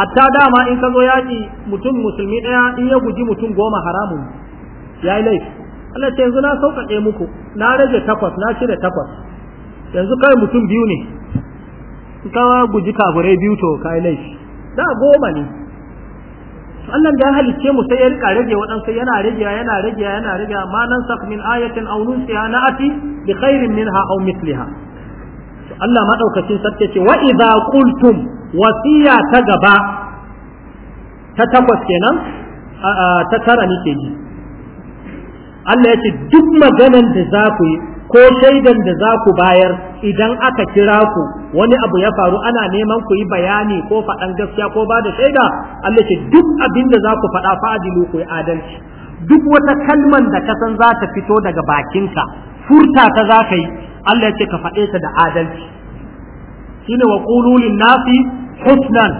hatta dama in ka zo yaki mutum musulmi ɗaya, in ya guji mutum goma haramun yayi laifi Allah yanzu na sauƙaƙe muku na rage takwas na cire takwas yanzu kai mutum biyu ne in ka guji kafirai biyu to kai laifi da goma ne Allah da ya halicce mu sai ya rika rage waɗansu yana rage yana rage yana rage ma nan sak min ayatin aw nunsiha na'ati bi khairin minha aw mithliha Allah maɗaukacin sarki ce wa idza qultum wasiya ta gaba ta takwas kenan ta tara nake ji Allah ce duk maganan da za ku yi ko shaidan da za ku bayar idan aka kira ku wani abu ya faru ana neman ku yi bayani ko faɗan gaskiya ko ba da shaida Allah ce duk abin da za ku faɗa fa'adilu ku yi adalci duk wata kalman da ka san za ta fito daga bakinka furta ta za ka yi Allah ya ce ka faɗe ta da adalci shine wa qulu lin nasi husnan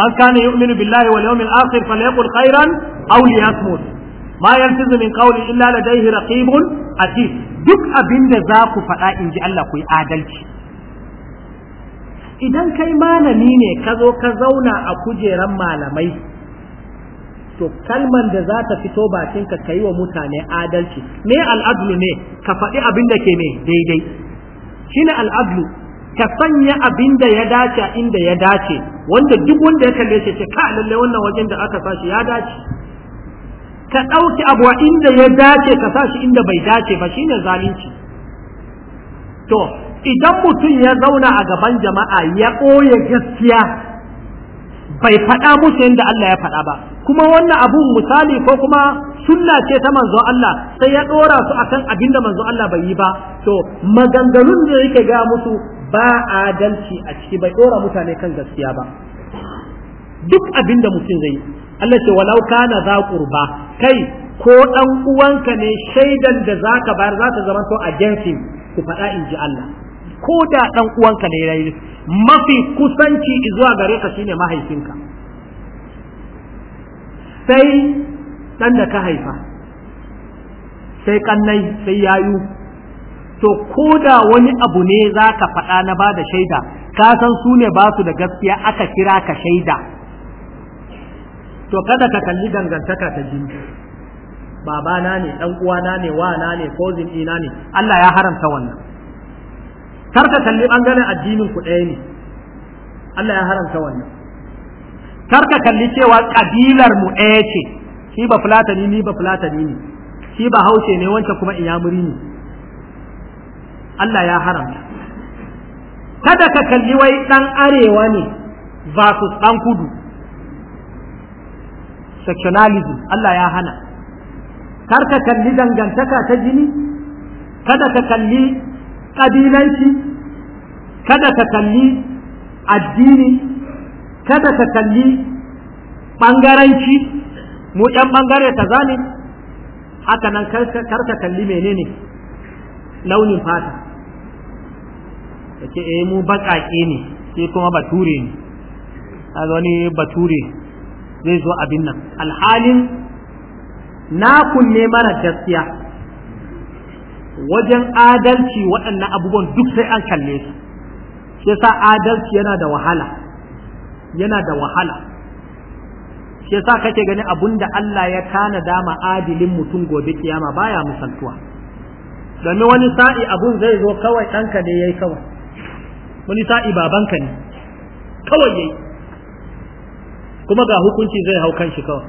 man kana yu'minu billahi wal yawmil akhir falyaqul khairan aw liyasmut ma yalfizu min qawli illa ladayhi raqibun atid duk abinda za ku faɗa in ji Allah ku yi adalci idan kai malami ne ka zo ka zauna a kujeran malamai to kalman da za ta fito bakinka ka yi wa mutane adalci me al'adlu ne ka faɗi abin da ke ne daidai shine al'adlu ka sanya abin da ya dace inda ya dace wanda duk wanda ya kalle shi ce ka lalle wannan wajen da aka sashi ya dace ka ɗauki abu inda ya dace ka sashi inda bai dace ba shine zalunci to idan mutum ya zauna a gaban jama'a ya ɓoye gaskiya bai faɗa musu yadda Allah ya faɗa ba kuma wannan abun misali ko kuma sunna ce ta manzo Allah sai ya dora su akan abin da manzon Allah bai yi ba to maganganun da yake ga musu ba adalci a ciki bai dora mutane kan gaskiya ba duk abinda da mutum zai Allah ce walau kana za qurba kai ko dan uwanka ne shaidan da zaka bayar za ta zama to agency ku faɗa in ji Allah ko da dan uwanka ne yayi mafi kusanci zuwa gare ka shine mahaifinka sai ɗan da ka haifa sai kannai sai yayu to ko da wani abu ne za ka faɗa na ba da shaida ka san su ne ba su da gaskiya aka kira ka shaida to kada ka kalli dangantaka ta jini babana ne ɗan uwana ne wana ne kozin ina ne Allah ya haramta wannan kar ka kalli ɓangaren addinin ku ɗaya ne Allah ya haramta wannan karka kalli cewa kabilar mu ɗaya ce shi ba fulatani ni ba fulatani ne shi ba haushe ne wancan kuma iyamuri ne Allah ya haramta kada ka kalli wai ɗan arewa ne versus ɗan kudu sectionalism Allah ya hana kar ka kalli dangantaka ta jini kada ka kalli ƙabilanci kada ka kalli addini kada ka kalli ɓangaranci mu ɗan ɓangare ta zane haka nan kar ka kalli menene launin fata da ce eh mu baƙaƙe ne sai kuma bature ne a wani bature zai zo abin nan alhalin na kunne mara gaskiya wajen adalci waɗannan abubuwan duk sai an kalle su shi sa adalci yana da wahala yana da wahala shi yasa kake gani abunda Allah ya tanada ma adilin mutum gobe kiyama baya misaltuwa domin wani sa'i abun zai zo kawai ɗanka ne yayi kawai wani sa'i babanka ne kawai yayi kuma ga hukunci zai hau shi kawai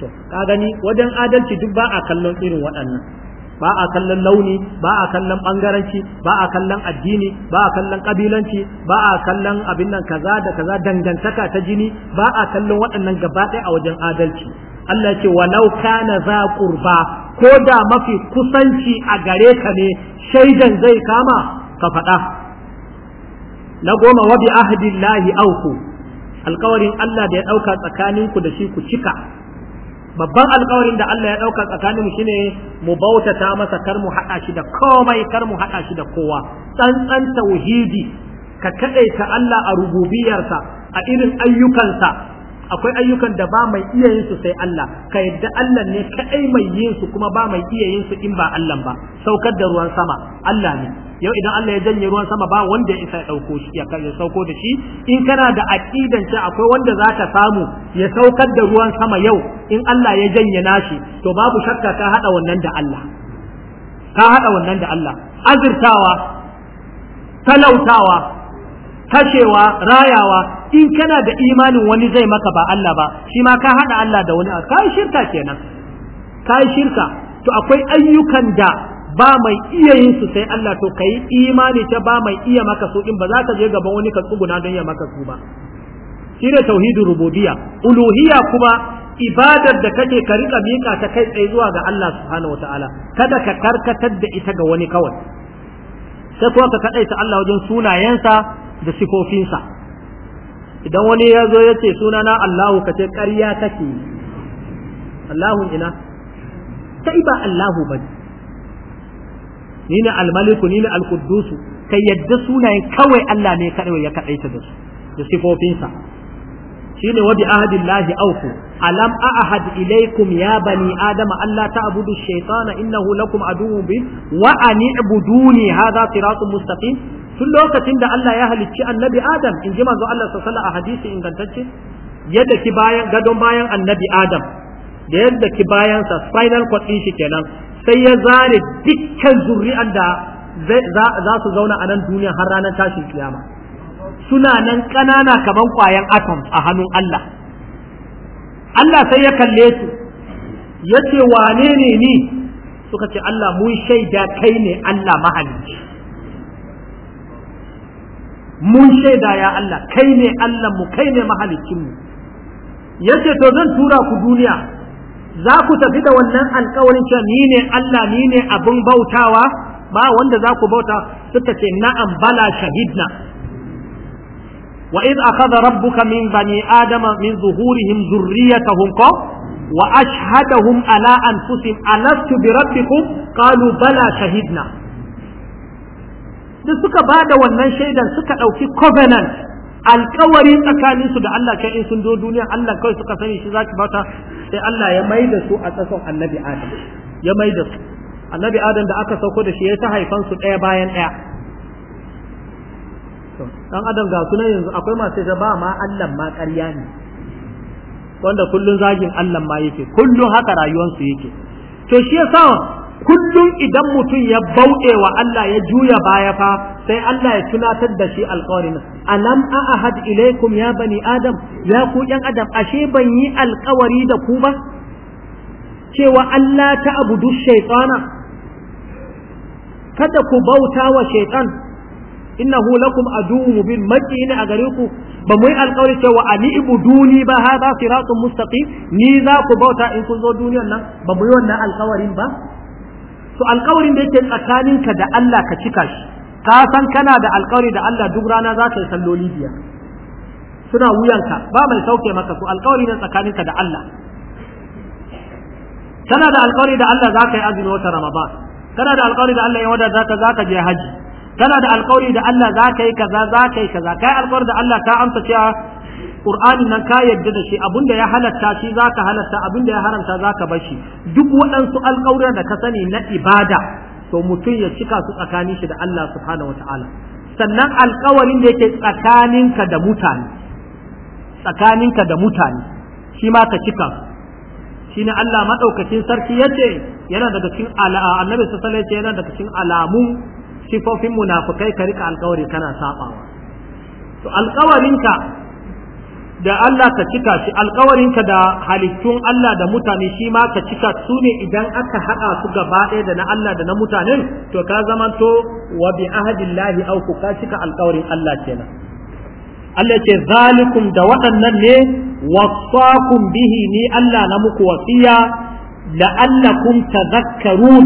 to ka gani wajen adalci duk ba a kallon irin waɗannan ba a kallon launi ba a kallon bangaranci ba a kallon addini ba a kallon kabilanci ba a kallon abin nan kaza da kaza dangantaka ta jini ba a kallon waɗannan gaba ɗaya a wajen adalci Allah ce walau kana za qurba ko da mafi kusanci a gare ka ne shaidan zai kama ka faɗa na goma wa bi ahdillahi auku alkawarin Allah da ya ɗauka tsakaninku da shi ku cika babban alkawarin da Allah ya ɗauka tsakaninmu shine mu bautata masa kar mu haɗa shi da komai kar mu haɗa shi da kowa tsantsan tauhidi ka kaɗaita Allah a rububiyarsa a irin ayyukansa akwai ayyukan da ba mai iya yin su sai Allah ka yadda Allah ne kaɗai mai yin su kuma ba mai iya yin su in ba Allah ba saukar da ruwan sama Allah ne yau idan Allah ya janye ruwan sama ba wanda ya isa ya dauko shi ya kai sauko da shi in kana da aqidan cewa akwai wanda zaka samu ya saukar da ruwan sama yau in Allah ya janye nashi to babu shakka ka hada wannan da Allah ka hada wannan da Allah azirtawa talautawa kashewa rayawa in kana da imanin wani zai maka ba Allah ba shi ma ka hada Allah da wani ka shirka kenan ka shirka to akwai ayyukan da ba mai iya yin su sai Allah to kai imani ta ba mai iya maka su in ba za ka je gaban wani ka tsuguna don ya maka su ba ne tauhidin rububiyya uluhiyya kuma ibadar da kake ka rika mika ta kai tsaye zuwa ga Allah subhanahu wataala kada ka karkatar da ita ga wani kawai sai kuma ka kadaita Allah wajen sunayensa da sifofinsa idan wani ya zo ya ce sunana Allahu ka ce ƙarya kake Allahun ina sai ba Allahu bane ni ne almaliku ni ne alquddusu ka yadda sunayen kawai Allah ne kadai ya kaɗaita da su da sifofinsa shine ne bi ahdillahi auku? alam ahad ilaikum ya bani adam Allah, ta, abudu, shaitana, innahu lakum aduwwun bi wa an i'buduni hadha siratun mustaqim tun lokacin da Allah ya halicci annabi adam in ji manzo Allah sallallahu alaihi wasallam a hadisi ingantacce yadda ki bayan gadon bayan annabi adam da yadda ki bayansa spinal cord ɗin shi kenan sai ya zare dukkan zuri'an da za su zauna a nan duniya har ranar tashin kiyama suna nan ƙanana kaman kwayan atom a hannun Allah Allah sai ya kalle su ya ce wane ne ni suka ce Allah mun shaida kai ne Allah mahalicci mun shaida ya Allah kai ne Allah mu kai ne mahaliccinmu ya ce to zan tura ku duniya za ku tafi da wannan alkawarin cewa ni ne Allah ni ne abin bautawa ba wanda za ku bauta suka ce na'am bala shahidna wa id akhadha rabbuka min bani adama min zuhurihim zurriyatahum ko wa ashhadahum ala anfusihim alastu bi rabbikum qalu bala shahidna duk suka bada wannan shaidan suka dauki covenant alkawari tsakanin su da Allah kai in sun zo duniya Allah kai suka sani shi zaki bata sai Allah ya mai da su a tsakon annabi Adam ya mai da su annabi Adam da aka sauko da shi ya ta haifan su ɗaya bayan ɗaya dan adam ga sunan yanzu akwai masu ta ba ma Allah ma ƙarya ne wanda kullun zagin Allah ma yake kullun haka su yake to shi yasa kullum idan mutum ya bauɗe wa Allah ya juya baya fa sai Allah ya tunatar da shi alƙawarin alam a ahad ilaikum ya bani adam ya ku yan adam ashe ban yi alƙawari da ku ba cewa Allah ta abudu shaytana kada ku bauta wa shaytan innahu lakum aduwwun mubin maki a gare ku ba mu yi alƙawari cewa ani ibuduni ba hada siratun mustaqim ni za ku bauta in kun zo duniyar nan ba mu yi wannan alƙawarin ba to alkawarin da yake tsakaninka da Allah ka cika shi ka san kana da alkawari da Allah duk rana za ka yi salloli biyar suna wuyanka ba mai sauke maka su alkawari na tsakaninka da Allah kana da alkawari da Allah za ka yi azumi wata ramadan kana da alkawari da Allah ya wada za ka za ka je haji kana da alkawari da Allah za ka yi kaza za ka yi kaza kai alkawari da Allah ka amsa cewa Qur'ani nan ka yarda da shi abinda ya halatta shi zaka halatta abinda ya haramta zaka bar shi duk waɗansu alƙawura da ka sani na ibada to mutum ya cika su tsakanin shi da Allah subhanahu wataala sannan alƙawarin da yake tsakaninka da mutane tsakaninka da mutane shi ma ka cika su shine Allah madaukakin sarki yace yana daga cikin annabi sallallahu alaihi yana daga cikin alamun sifofin munafikai ka rika alƙawari kana sabawa to alƙawarinka da Allah ka cika shi alkawarinka da halittun Allah da mutane shi ma ka cika su ne idan aka haɗa su gaba ɗaya da na Allah da na mutanen to ka zamanto wa bi ahadillahi au ku ka cika alkawarin Allah kenan Allah ce zalikum da waɗannan ne wasaqum bihi ni Allah na muku wasiya la'allakum tadhakkarun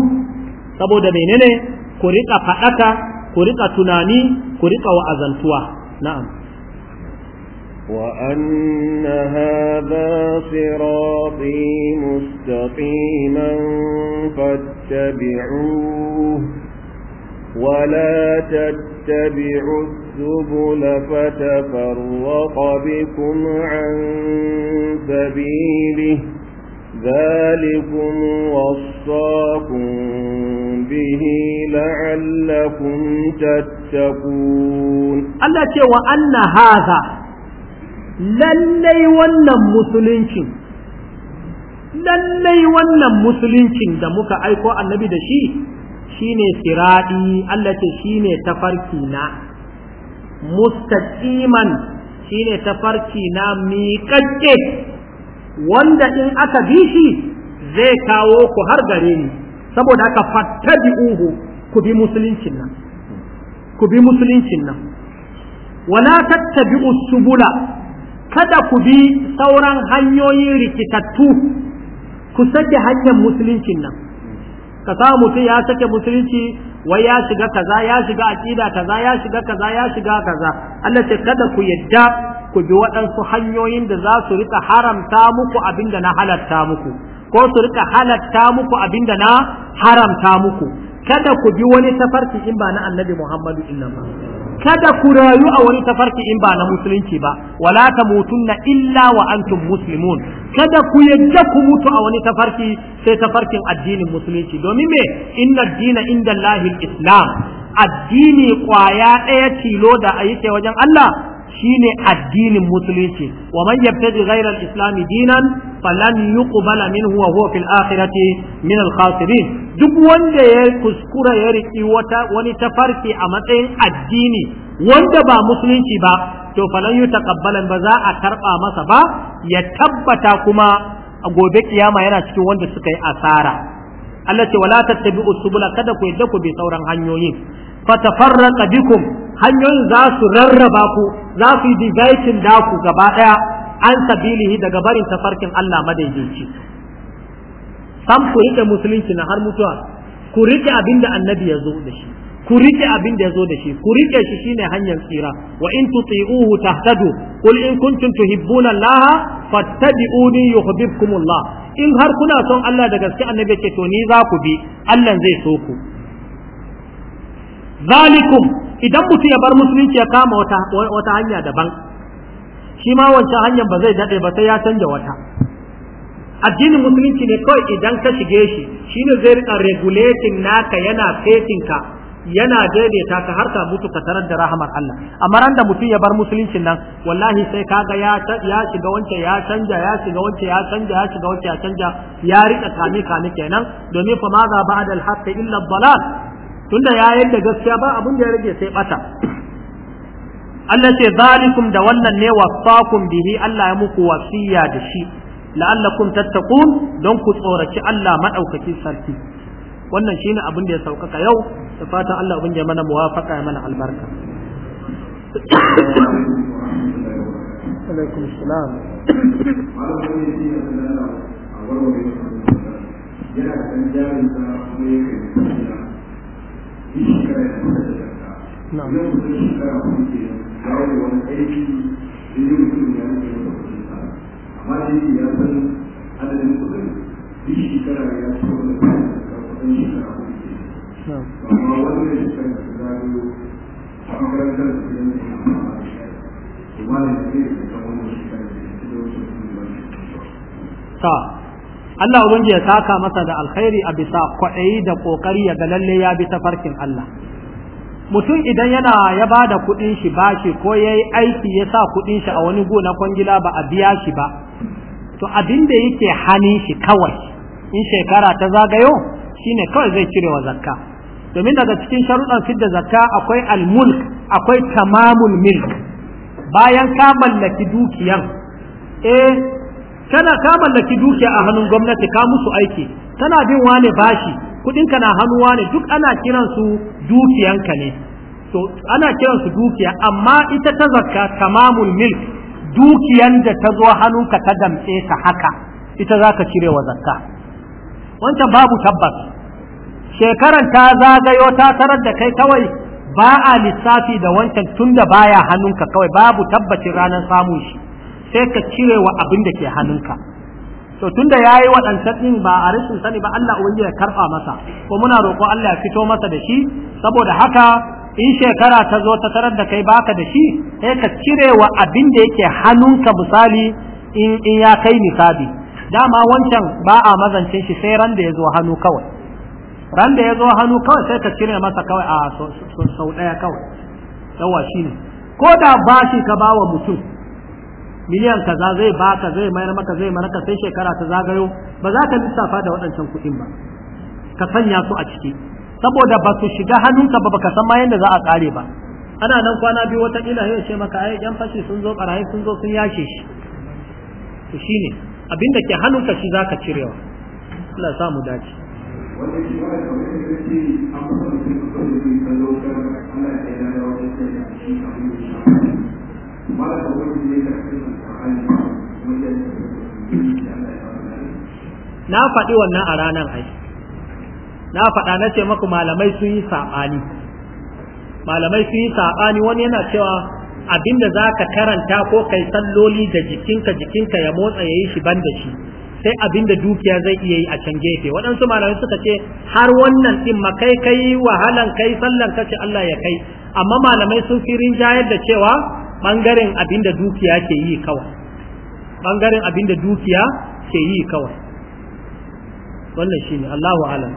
saboda menene ku riƙa faɗaka ku riƙa tunani ku riƙa wa'azantuwa na'am وأن هذا صراطي مستقيما فاتبعوه ولا تتبعوا السبل فتفرق بكم عن سبيله ذلكم وصاكم به لعلكم تتقون الله يقول وأن هذا lallai wannan musuluncin lallai wannan musuluncin da muka aiko annabi da shi shine siradi Allah ce shine tafarki na mustaqiman shine tafarki na miƙaƙƙe wanda in aka bi shi zai kawo ku har gare ni saboda haka uhu ku bi musuluncin nan ku bi musuluncin nan wala tattabi'u subula kada ku bi sauran hanyoyin rikitattu ku sake hanyar musuluncin nan ka sa mutum ya sake musulunci wai ya shiga kaza ya shiga aqida kaza ya shiga kaza ya shiga kaza Allah ce kada ku yadda ku bi waɗansu hanyoyin da za su rika haramta muku abinda na halatta muku ko su rika halatta muku abinda na haramta muku kada ku bi wani tafarki in ba na Annabi Muhammadu ba. kada ku rayu a wani tafarki in ba na musulunci ba wala mutunna illa wa antum muslimun kada ku yadda ku mutu a wani tafarki sai tafarkin addinin musulunci domin me inna dina inda lahil islam addini kwaya ɗaya tilo da a yake wajen Allah shine addinin musulunci wa man yabtaji ghayra al-islam dinan falan yuqbala minhu wa huwa fil akhirati min al-khasirin duk wanda ya kuskura ya riki wata wani tafarki a matsayin addini wanda ba musulunci ba to falan yi takabbalan ba za a karba masa ba ya tabbata kuma a gobe kiyama yana cikin wanda suka yi asara Allah ce wala tattabi'u subula kada ku yadda ku bi sauran hanyoyin fatafarraqa bikum hanyoyin za su rarraba ku za su yi dividing da gaba daya an sabilihi daga barin tafarkin Allah madaidaici sam ku rike musulunci na har mutuwa ku rike abin da annabi ya zo da shi ku rike abin da ya zo da shi ku rike shi shine hanyar tsira wa in tuti'uhu tahtadu qul in kuntum tuhibbuna Allah fattabi'uni yuhibbukum Allah in har kuna son Allah da gaske annabi yake to ni za ku bi Allah zai so ku zalikum idan mutum ya bar musulunci ya kama wata wata hanya daban shi ma wancan hanyar ba zai dade ba sai ya canja wata addinin musulunci ne kawai idan ka shige shi shine zai rika regulating naka yana fetin ka yana daidaita ka har ka mutu ka tarar da rahamar Allah amma ran da mutum ya bar musuluncin nan wallahi sai kaga ya ya shiga wancan ya canja ya shiga wancan ya canja ya shiga wancan ya canja ya rika kame kame kenan domin fa ma za ba'da al-haqqi illa ad-dalal tunda ya yadda gaskiya ba abin da ya rage sai bata Allah ce zalikum da wannan ne wasakum bihi Allah ya muku wasiya da shi la'allakum tattaqun don ku tsoraci Allah madaukaki sarki wannan shine abin da ya saukaka yau da fatan Allah abin da ya mana muwafaka ya mana albarka alaikum salam yana kan jarin sa kuma yake da shi da shi da shi da ya san ya Allah ya saka masa da alkhairi a bisa kwaɗayi da ƙoƙari ya ga lalle ya bi tafarkin Allah mutum idan yana ya ba da kuɗin shi bashi ko ya yi aiki ya sa kuɗin shi a wani gona kwangila ba a biya shi ba to abin da yake hannun shi kawai in shekara ta zagayo shine kawai zai cire wa zakka domin daga cikin sharuɗan fidda zakka akwai al-mulk akwai tamamul milk bayan ka mallaki dukiyan eh kana ka mallaki dukiya a hannun gwamnati ka musu aiki kana bin wane bashi ka na hannu wane duk ana kiransu dukiyanka ne to ana kiransu dukiya amma ita ta zakka tamamul milk dukiyan da ta zo hannunka ta damse ka haka ita za ka cire wa zakka wancan babu tabbas shekaran ta zagayo ta tarar da kai kawai ba a lissafi da wancan tun da baya hannunka kawai babu tabbacin ranar samun shi sai ka cire wa abin da ke hannunka to tun da ya yi ɗin ba a rashin sani ba Allah ubangi ya karɓa masa ko muna roƙo Allah ya fito masa da shi saboda haka in shekara ta zo ta tarar da kai baka da shi sai ka cire wa abin da yake hannunka misali in ya kai misali dama wancan ba a mazancin shi sai ran da ya zo hannu kawai ran da ya zo hannu kawai sai ka cire masa kawai a sau ɗaya kawai yawa shi ne ko da bashi ka ba wa mutum miliyan kaza zai baka zai mayar maka zai maraka sai shekara ta zagayo ba za ka lissafa da waɗancan kuɗin ba ka sanya su a ciki saboda ba su shiga hannunka ba baka san ma yadda za a kare ba ana nan kwana biyu wata kila ya ce maka ai yan fashi sun zo barayi sun zo sun yashe shi to shine abinda ke hannunka shi zaka cirewa Allah ya sa mu dace na faɗi wannan a ranar aiki na faɗa na ce maku malamai sun yi saɓani malamai sun yi saɓani wani yana cewa abinda za ka karanta ko kai salloli da jikinka jikinka ya motsa ya yi shi ban da shi sai abinda dukiya zai iya yi a can gefe waɗansu malamai suka ce har wannan ɗin ma kai kai wahalan kai sallan ka ce Allah ya kai amma malamai sun fi rinjayar da cewa ɓangaren da dukiya ke yi kawai ɓangaren da dukiya ke yi kawai wannan shine Allahu alam